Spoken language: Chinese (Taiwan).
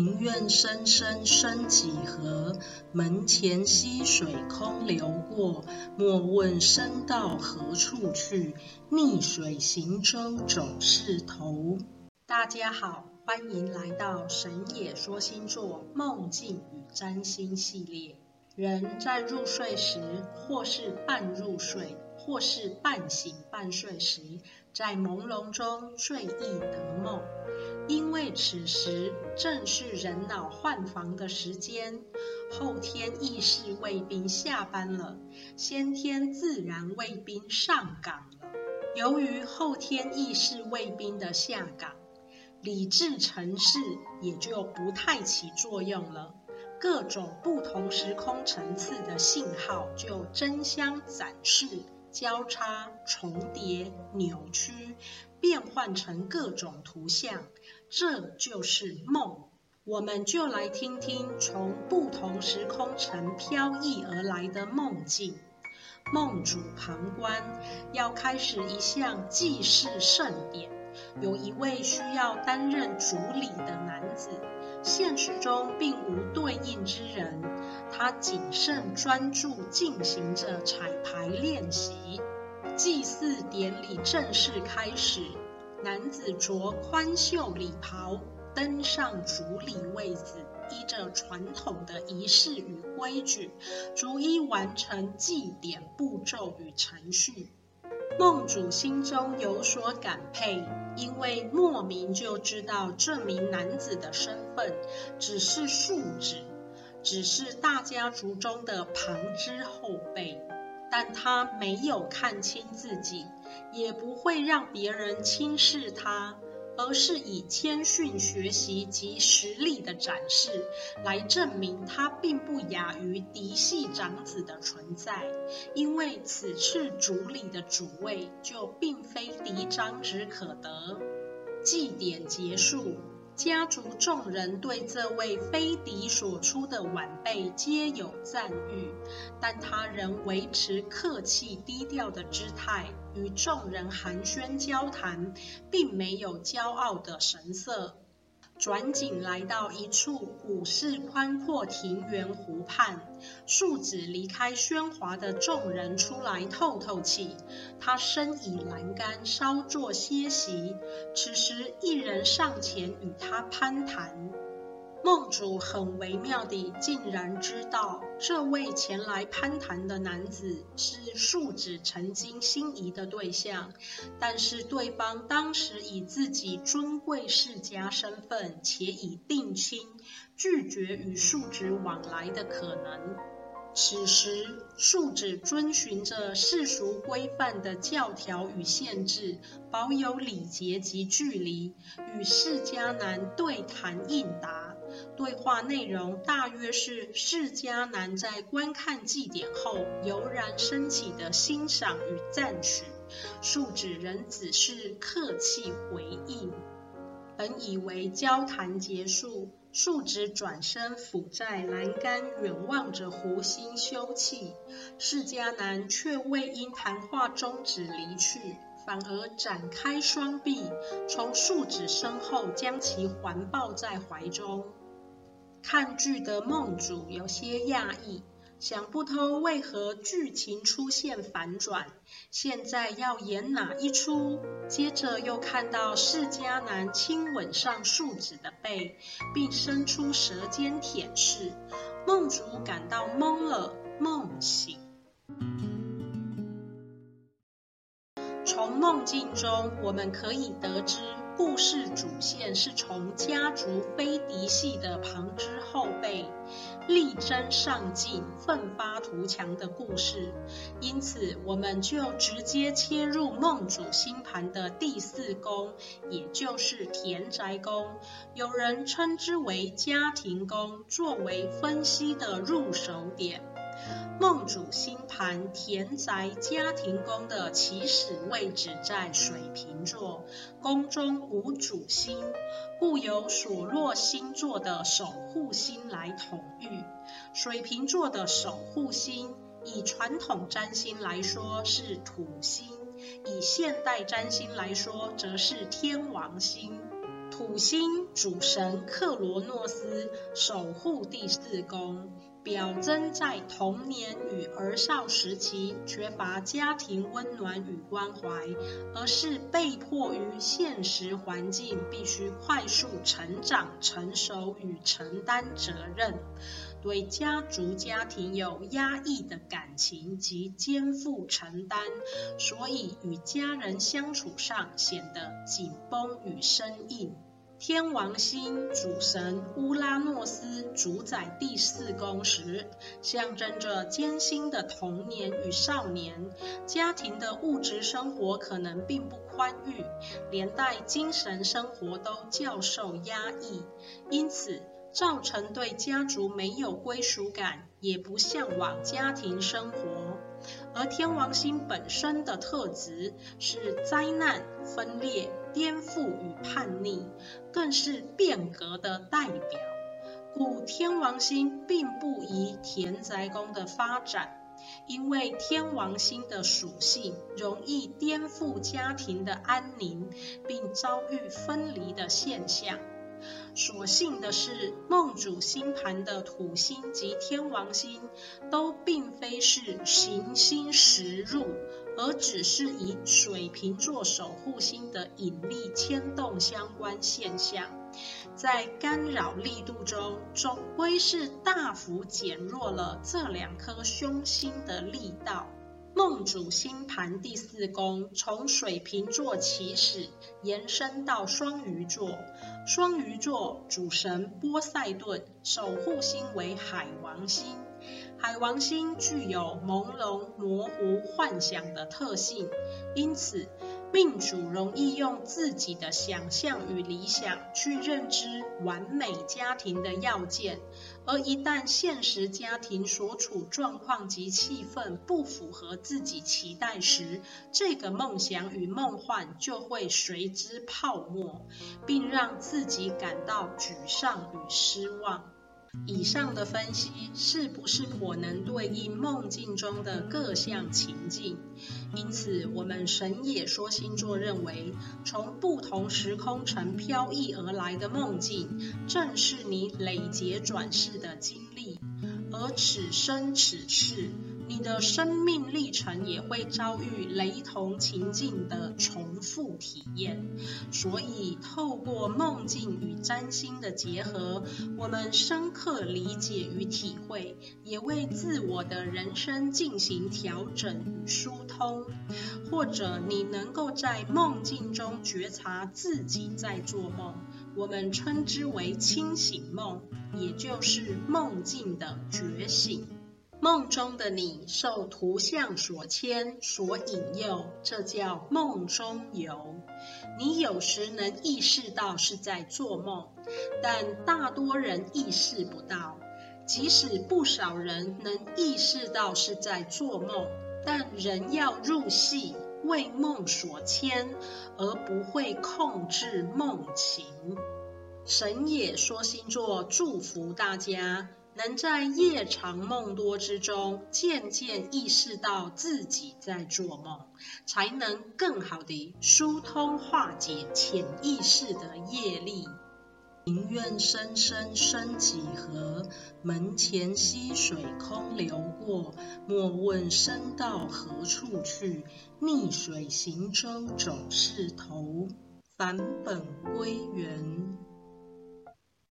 庭院深深深幾何，門前溪水空流過。莫問身到何處去，逆水行舟總是頭。大家好，歡迎來到神野說星座夢境與占星系列。人在入睡時，或是半入睡，或是半醒半睡時，在朦朧中最易得夢。因為此時正是人腦換防的時間，後天意識衛兵下班了，先天自然衛兵上崗了。由於後天意識衛兵的下崗，理智城市也就不太起作用了。各種不同時空層次的信號就爭相展示、交叉、重疊、扭曲，變換成各種圖像。這就是夢，我們就來聽聽從不同時空層飄逸而來的夢境。夢主旁觀，要開始一項祭祀盛典。有一位需要擔任主禮的男子，現實中並無對應之人。他謹慎專注進行着彩排練習。祭祀典禮正式開始。男子着寬袖禮袍，登上主禮位子，依着傳統的儀式與規矩，逐一完成祭典步驟與程序。夢主心中有所感佩，因為莫名就知道這名男子的身份，只是庶子，只是大家族中的旁支後輩。但他沒有看清自己，也不會讓別人輕視他，而是以謙遜、學習及實力的展示來證明他並不亞於嫡系長子的存在。因為此次主禮的主位就並非嫡長子可得。祭典結束。家族眾人對這位非嫡所出的晚輩皆有讚譽，但他仍維持客氣低調的姿態，與眾人寒暄交談，並沒有驕傲的神色。轉景來到一處古式寬闊庭園湖畔，素子離開喧嘩的眾人出來透透氣，他身倚欄杆稍作歇息。此時，一人上前與他攀談。夢主很微妙地竟然知道這位前來攀談的男子是素子曾經心儀的對象，但是對方當時以自己尊貴世家身份且已定親，拒絕與素子往來的可能。此時素子遵循着世俗規範的教條與限制，保有禮節及距離，與世家男對談應答。對話內容大約是釋迦男在觀看祭典後油然升起的欣賞與讚許，樹子仍只是客氣回應。本以為交談結束，樹子轉身俯在欄杆遠望着湖心休憩，釋迦男卻未因談話終止離去，反而展開雙臂，從樹子身後將其環抱在懷中。看劇的夢主有些訝異，想不通為何劇情出現反轉，現在要演哪一出？接着又看到釋迦男親吻上樹子的背，並伸出舌尖舔舐，夢主感到懵了，夢醒。從夢境中，我們可以得知。故事主線是從家族非嫡系的旁支後輩，力爭上進、奮發圖強的故事。因此，我們就直接切入夢主星盤的第四宮，也就是田宅宮，有人稱之為家庭宮，作為分析的入手點。夢主星盤田宅家庭宮的起始位置在水瓶座，宮中無主星，故由所落星座的守護星來統御。水瓶座的守護星，以傳統占星來說是土星，以現代占星來說則是天王星。土星主神克羅諾斯守護第四宮，表徵在童年與兒少時期缺乏家庭溫暖與關懷，而是被迫於現實環境必須快速成長、成熟與承擔責任。對家族家庭有壓抑的感情及肩負承擔，所以與家人相處上顯得緊繃與生硬。天王星主神烏拉諾斯主宰第四宮時，象徵着艱辛的童年與少年，家庭的物質生活可能並不寬裕，連帶精神生活都較受壓抑，因此造成對家族沒有歸屬感，也不嚮往家庭生活。而天王星本身的特質是災難、分裂，顛覆與叛逆，更是變革的代表。故天王星並不宜田宅宮的發展，因為天王星的屬性容易顛覆家庭的安寧，並遭遇分離的現象。所幸的是，夢主星盤的土星及天王星都並非是行星實入。而只是以水瓶座守護星的引力牽動相關現象，在干擾力度中，總歸是大幅減弱了這兩顆凶星的力道。夢主星盤第四宮從水瓶座起始，延伸到雙魚座，雙魚座主神波塞頓，守護星為海王星。海王星具有朦朧、模糊、幻想的特性，因此命主容易用自己的想象與理想去認知完美家庭的要件，而一旦現實家庭所處狀況及氣氛不符合自己期待時，這個夢想與夢幻就會隨之泡沫，並讓自己感到沮喪與失望。以上的分析是不是可能對應夢境中的各項情境？因此，我們神野說星座認為，從不同時空層飄逸而來的夢境，正是你累劫轉世的經歷，而此生此世。你的生命歷程也會遭遇雷同情境的重複體驗，所以透過夢境與占星的結合，我們深刻理解與體會，也為自我的人生進行調整與疏通。或者，你能夠在夢境中覺察自己在做夢，我們稱之為清醒夢，也就是夢境的覺醒。夢中的你受圖像所牽所引誘，這叫夢中遊。你有時能意識到是在做夢，但大多人意識不到。即使不少人能意識到是在做夢，但仍要入戲，為夢所牽，而不會控制夢情。神野說星座祝福大家。能在夜長夢多之中，漸漸意識到自己在做夢，才能更好地疏通化解潛意識的業力。庭院深深深幾何，門前溪水空流過，莫問身到何處去，逆水行舟總是頭。返本歸元。